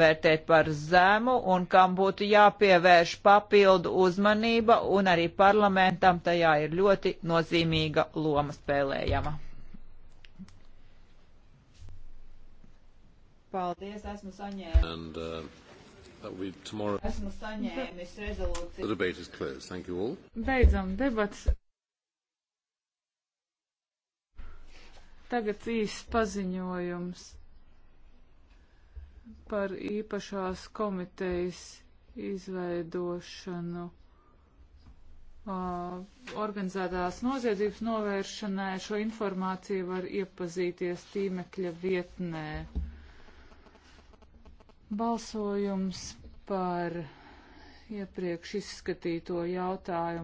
vērtēt par zemu un kam būtu jāpievērš papildu uzmanība un arī parlamentam tajā ir ļoti nozīmīga loma spēlējama. Paldies, esmu saņēmis. And, uh, tomorrow... Esmu saņēmis rezolūciju. Beidzam debats. Tagad īsts paziņojums par īpašās komitejas izveidošanu uh, organizētās noziedzības novēršanai. Šo informāciju var iepazīties tīmekļa vietnē. Balsojums par iepriekš izskatīto jautājumu.